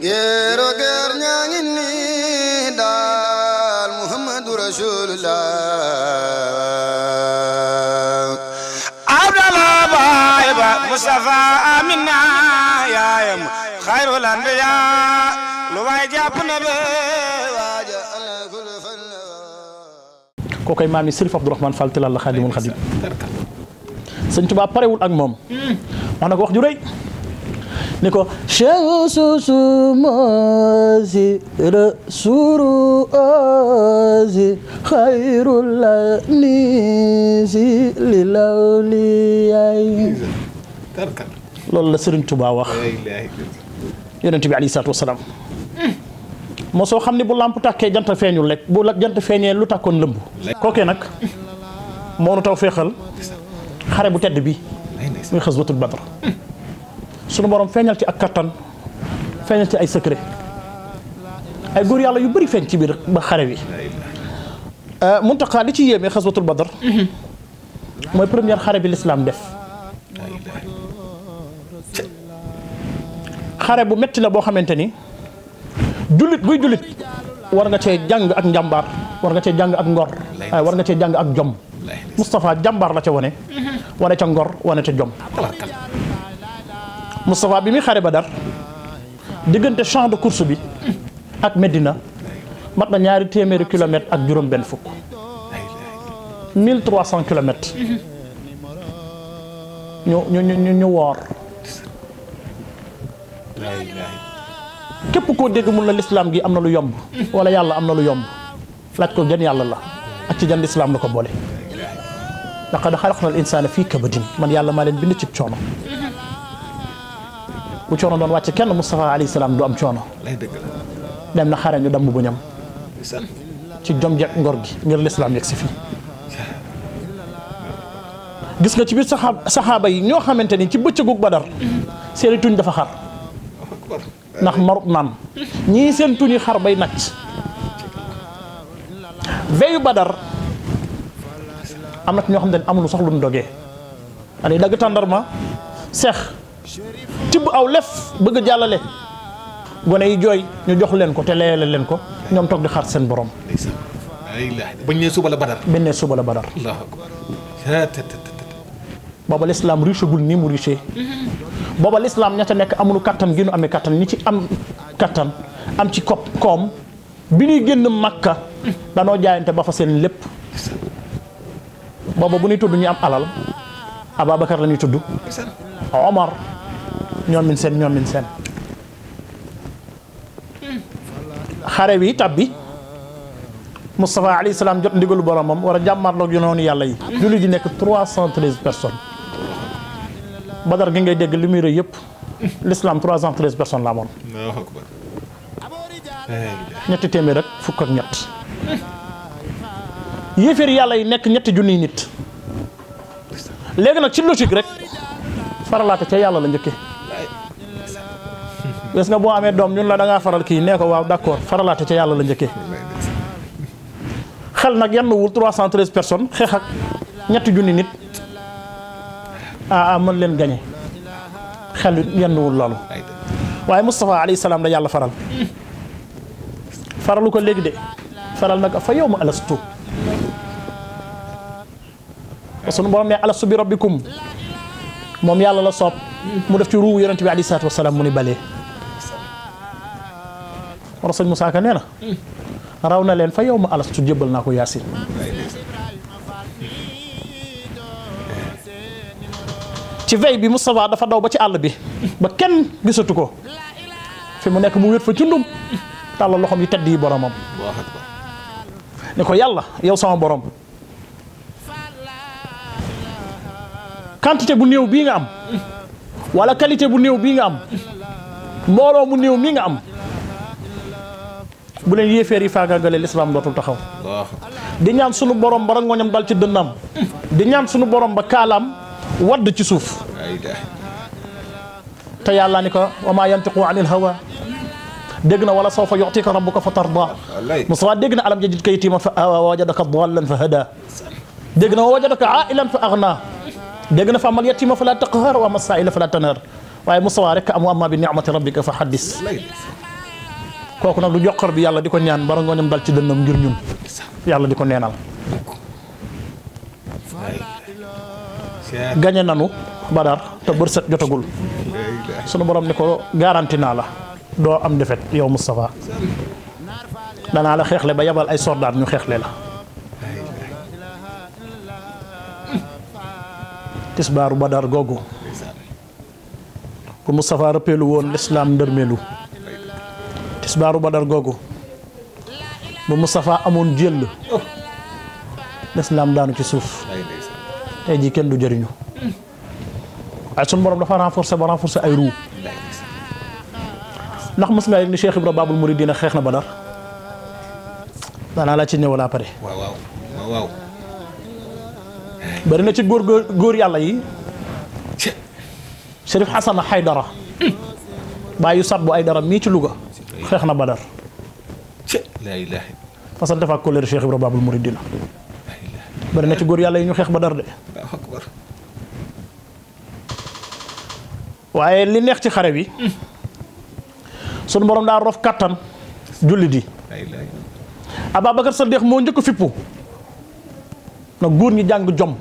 géero géer ñaa ngi nii daal muhammadu rasulullah abdallah baay ba mustafa amina yaayam xayrul anbiya lu waay jàpp na be waaja alakul fan kookoy maam yi sërif abdourahman fall tilal la xaadimul xadim sëñ tubaa parewul ak moom hmm. wax na ko wax ju rëy نكو شمس سمازي رسول آزي خير لنيزي للأولياء لولا سرين تبا واخ يرن تبي عليه الصلاة والسلام ما سو خمني بولام بوتا كي جنت فيني لك بولك جنت فيني لوتا كون لمبو كوكي نك مونو تاو فيخل خربو تدبي من خزوة البدر sunu borom feeñal ci ak kattan feeñal ci ay secret ay góor yàlla yu bëri feeñ ci biir ba xare bi euh, Muntaqa li ci yéeme xaswatul badar mm-hmm. mooy première xare bi lislaam def xare bu metti la boo xamante ni jullit buy jullit war nga cee jàng ak njàmbaar war nga cee jàng ak ngor waaye war nga cee jàng ak jom Moustapha jàmbaar la ca wone mm-hmm. wane ca ngor wane ca jom Moustapha bi muy xare Badar diggante champ de course bi ak Medina mat na ñaari téeméeri kilomètres ak juróom-benn fukk 1300 kilomètres. ñu ñu ñu ñu woor. képp koo dégg mun la lislaam gi am na lu yomb. wala yàlla am na lu yomb. laaj ko jan yàlla la. ak ci jan lislaam la ko boole. laqad xalaqna al insaana fii kabadin man yàlla maa leen bind ci coono. كُتُونَ دَنْ وَاتِكَنَ مُصْطَفَى عَلَيْهِ السَّلَامُ دُوَامْ تُونَ لَمْ نَخَرَنْ يُدَمْ بُنِيَمْ تِجْمَعْ جَعْنُغَرْجِ نِعْلِ السَّلَامِ يَكْسِفِي جِسْكَ تِبِيْ سَحَابَ يَنْوَ خَمْنَتَنِ تِبْوَ تِجُوكُ بَدَرَ سَيَرْتُونَ دَفَخَرْ نَحْمَرُ نَمْ نِيسَنْتُونِ خَرْبَ يَنَتْ وَيُ بَدَرَ أَمْلَتْ نِعْمَ دَنْ أَمْلُ سَحْلُنَ دَعْ شريف tibb aw lef bëgg jàllale gone yi jooy ñu jox leen ko te leele leen ko ñoom toog di xar seen borom. bañ ne suba la badar. bañ ne suba la badar. booba lislaam riche gul nii mu riche. booba lislaam ña ca nekk amunu kattan gi nu amee kattan ñi ci am kattan am ci kopp koom bi ñuy génn makka danoo jaayante ba fa seen lépp. booba bu ñuy tudd ñu am alal Ababacar la ñuy tudd Omar. ñoom min seen ñoom min seen xare bi tab bi Moustapha alayhi salaam jot ndigalu boromam war a jàmmarloog yu noonu yàlla yi. julli ji nekk 313 personnes. Badar gi ngay dégg li muy rëy yëpp. l'islam 313 personnes la amoon. ñetti téeméer rek fukk ak ñett. yéeféer yàlla yi nekk ñetti junniy nit. léegi nag ci logique rek faralaate ca yàlla la njëkkee. gis nga boo amee doom ñun la da ngaa faral kii nee ko waaw d'accord faralaate ca yàlla la njëkkee xel nag yenn wul 313 personnes xeex ak ñetti junni nit ah mën leen gañe xel yenn wul loolu waaye Moustapha alayhi salaam la yàlla faral faralu ko léegi de faral nag fa yow ma alastu sunu borom ne alastu bi rabbikum moom yàlla la soob mu def ci ruu yonent bi alayhi salaatu wasalaam mu ni balee moo mu saaka Moussa nee na raw na leen fa yow ma alas su jëbbal naa ko yaasin ci vey bi Moustapha dafa daw ba ci àll bi ba kenn gisatu ko fi mu nekk mu wéet fa cundum tàllal loxoom yi tedd yi boromam ni ko yàlla yow sama borom quantité bu néew bii nga am wala qualité bu néew bii nga am mbooloo mu néew mii nga am bu leen yéeféer yi faagaagalee lislaam dootul taxaw di ñaan sunu borom ba rangoñam dal ci dënnaam di ñaan sunu borom ba kaalaam wadd ci suuf te yàlla ni ko wa maa yantiqu anil hawa dégg na wala sawfa yu'tika rabbuka fa tarda Mustafa dégg na alam yajidka yatiman fa awa wa wajadaka dallan fa hada dégg na wa wajadaka ailan fa aghna dégg na fa amal yatima fa la taqhar wa ama saa'ila fa la tanhar waaye Mustafa rek am wa amma bi ni'mati rabbika fa haddis koku nak du jokkar bi yalla diko ñaan bara ngooñam dal ci dënnam ngir ñun yalla diko neenal gañe nanu badar te bërsët jotagul sunu borom ni ko garanti na la do am defet yow da na la xexle ba yabal ay soldaat ñu xexle la tisbaru badar gogo, ko mustafa rëppeelu won l'islam ndërmeelu tisbaaru badar googu bu Moustapha amoon jël lislaam daanu ci suuf tey jii kenn du jëriñu ay sunu borom dafa renforcer ba renforcer ay ruu ndax mos ngaa yëg ni Cheikh Ibra Babul Mouridina xeex na badar danaa la ci ñëw laa bari na ci góor góor yàlla yi. Chérif Hassan Haydara. yu sat bu ay dara mii ci Louga. xexna badar ci la ilaha fasal dafa ko leer Cheikh ibrahim Babul Muridina bari na ci gor yalla ñu xex badar de akbar waye li neex ci xare bi sun borom da rof kàttan jullit yi Ababacar sadiq mo ñëk fippu na góor ñi jang jom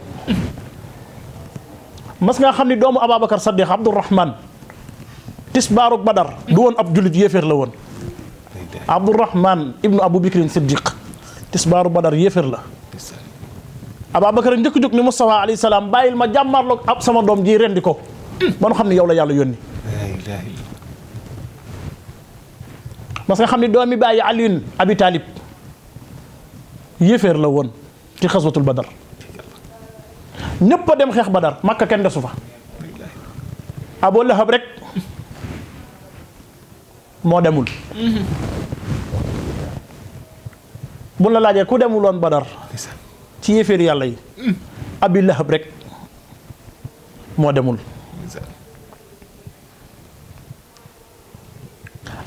mas nga xamni ni doomu Ababacar sadiq abdurrahman tisbaruk badar du won ab jullit yéeféer la won عبد الرحمن ابن ابو بكر الصديق تسبار بدر يفر لا ابو بكر ديك ديك مي عليه السلام بايل ما جمار لو اب سما دوم جي رنديكو با نو خامني يولا يالا يوني لا اله الا الله دومي باي علي ابي طالب يفر لا وون تي خصوه البدر نيبا ديم خيخ بدر مكه كين دسوفا ابو لهب رك مو دمول bu la laaje ku demul won badar ci yéeféer yalla yi abillah rek mo demul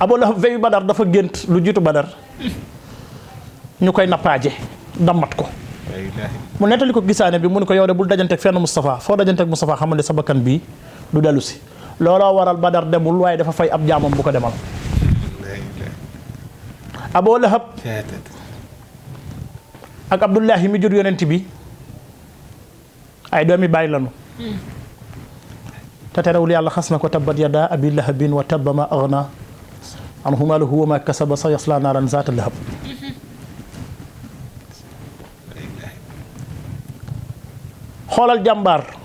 abu lahab badar dafa gent lu jitu badar ñukay napaje damat ko mu netali ko gisane bi mu ne ko yow de dajante ak fenn mustafa fo dajante ak mustafa ne sa bakkan du dalusi lolo waral badar demul way dafa fay ab jamam bu ko demal aboo lahab ak Abdullahi mi jur yonent bi ay doomi bàyyi lanu terewul yàlla xas na ko tabbat yada abi lahabin wa tabba ma agna an humaluhu wa ma kasaba sa yasla naaran zaata lahab xoolal jàmbaar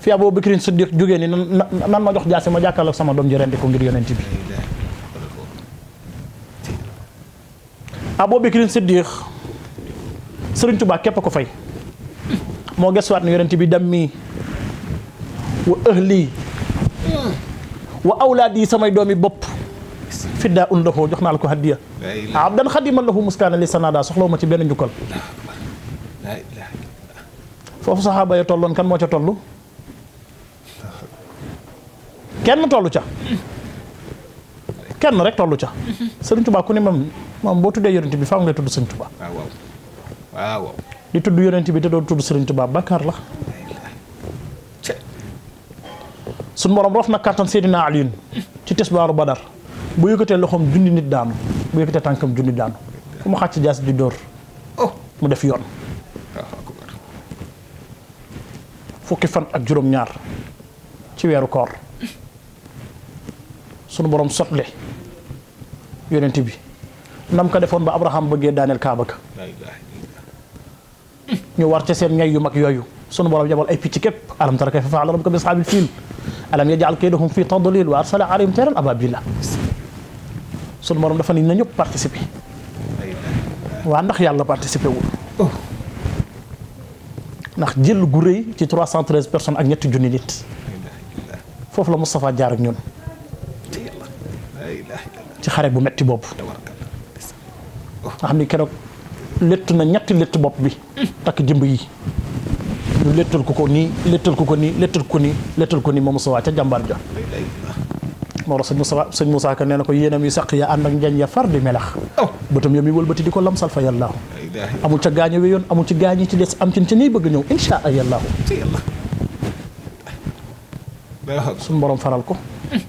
fi Abu Bakrin Siddiq jógee ni nan ma jox jaasi ma jàkkaarloog sama doom ji rendi ko ngir yonent bi Abu Bakrin sëriñ tubaa képp ko fay moo gesuwaat ne yonent bi dammi wa ahli wa awlaad yi samay doomi bopp fiddaa un lahoo jox naa la ko hadiya abdan xadiman lahu muskaana li sanada soxlawu ci benn njukkal foofu saxaaba ya tolloon kan moo ca toll kenn tollu ca kenn rek tollu ca sëriñ Tuubaa ku ne moom moom boo tuddee yonent bi faaw ngay tudd sëriñ Tuubaa ah, waaw di tudd yonent bi te doon tudd Serigne Touba bàkkaar la. suñu borom rof na kàttan na Aliyun ci tisbaaru Badar bu yëkkatee loxoom junni nit daanu bu yëkkatee tànkam junni daanu fu mu xàcc jaas di dóor oh. mu def yoon. fukki fan ak juróom-ñaar ci weeru koor sunu boroom sotle yonent bi nam ko defoon ba Abraham bëggee daaneel Kaaba ka ñu war ci seen ñay yu mag yooyu sunu borom jabal ay picc képp alam tara kayfa fa'ala rabbuka bi ashabil fil alam yaj'al kaydahum fi tadlil wa arsala alayhim tayran ababila sunu borom dafa ni na ñëpp participer wa ndax yàlla participer wu ndax jël gu reuy ci 313 personnes ak ñetti jooni nit fofu la mustafa jaar ak ñun ci xare bu metti boobu nga xam ni létt na ñetti létt bopp bi takk jëmb yi ñu léttal ko ko nii léttal ko ko nii léttal ko nii léttal ko nii moom Moussa ca jàmbaar ja moo tax sëñ Moussa sëñ Moussa ka nee na ko yéenam yi saq ya ànd ak njañ ya far di melax oh. bëtam yam yi wëlbati di ko lamsal fa yàllaahu amul ca gaaño wi yoon amul ci gaañi ci des am ci ci nii bëgg ñëw insha allah yàllaahu suñu borom faral ko mm.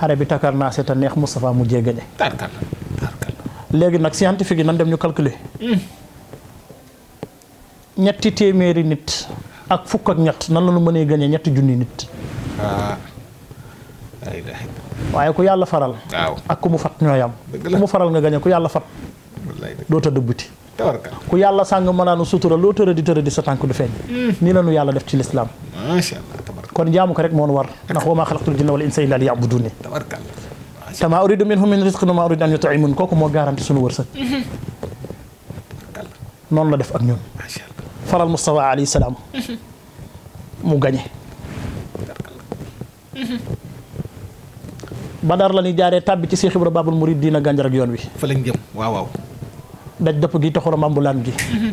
xare bi takar naa seeta neex Moustapha mu jéegañe léegi nag scientifique yi nan dem ñu calculer ñetti téeméeri nit ak fukk ak ñett nan la ñu mënee gañe ñetti junni nit. Ah, waaye ku yàlla faral. ak ku mu fat ñoo am. ku mu faral nga gañe ku yàlla fat. doo ta dëbbuti ku yàlla sàng mënaanu sutura loo tëra di tëra sa tànk du feeñ. Hmm. ni la nu yàlla def ci lislaam. macha allah kon jaamu ko rek moo nu war ndax wa maa xalaqtul jinna wal insa illa liya'buduni sama uridu minhum min rizqin ma uridu an yut'imun koku mo garantie sunu wërsëg. non la def ak ñun. faral mustafa ali salam mu gagné Badar la ni jare tabbi ci Cheikh ibrahim Babul Murid dina ganjar ak yoon wi. fa lañ dem waaw waaw. daj dopp gi taxoro mambulan gi. Mhm.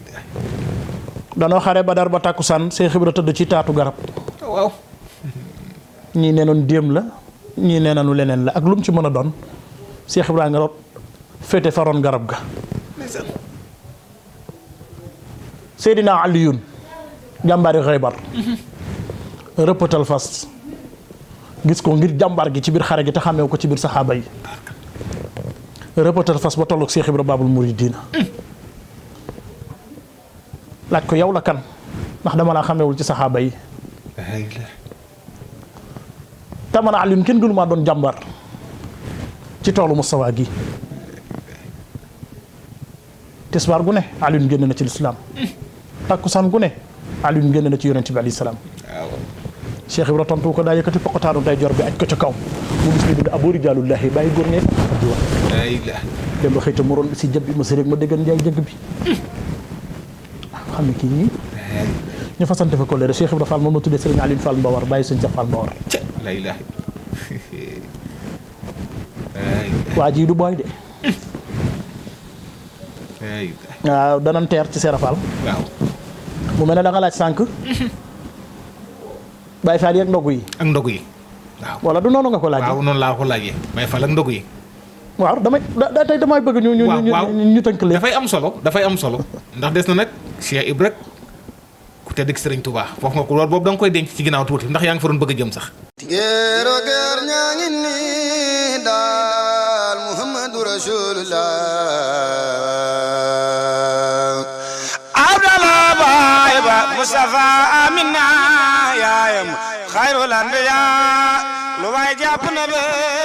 dañu xare badar ba takusan Seex Ibra teud ci taatu garab waw ñi nénon noon la ñi nee nañu leneen la ak lu mu ci mëna don doon Seex nga rot fété faron garab ga sayidina Aliyun jambar khaybar rëppatal fas gis ko ngir jambar gi ci bir xare gi ta xamé ko ci bir sahaba yi rëppatal fas ba tolloog Seex Ibra babul muridina laaj ko yow la kan ndax dama laa xamewul ci saxaaba yi te man Alioune kenn gënu maa doon jàmbar ci toolu Moustapha gi tisbaar gu ne Alioune génn na ci lislaam takkusaan gu ne génn na ci yonent bi alayhi salaam Cheikh Ibra tontu ko daa yëkkati poqotaanu day jor bi aj ko ca kaw mu gis ni bind aboo rijaalullaahi bàyyi góor ñee fa dem ba xëy ta moroon bi si jëb bi ma sëréeg ma déggan njaay jëgg bi xam kii ñu fasante fa collègue Cheikh Ibrahima Fall moom la tuddee Serigne Alioune Fall Mbawar bàyyi Serigne Cheikh Fall Mbawar. la ilaha waa du booy de. waaw danañ teer ci Serap Fall. waaw. mu mel ne da laaj sànq. Baye Fall yi ak ndogu yi. ak ndogu yi. waaw wala nga ko yi. waaw damay da tey damay bëgg ñu ñu ñu ñu dafay am solo dafay am solo ndax des na nag. Cheikh Ibra rek ku tedd ki Sëriñ Tuubaa wax nga ko loolu boobu da nga koy denc ci ginnaaw tuuti ndax yaa ngi fa doon bëgg a jëm sax. abdallah baay ba mustafa amina yaayam xayrul anbiya lu waay jàpp na be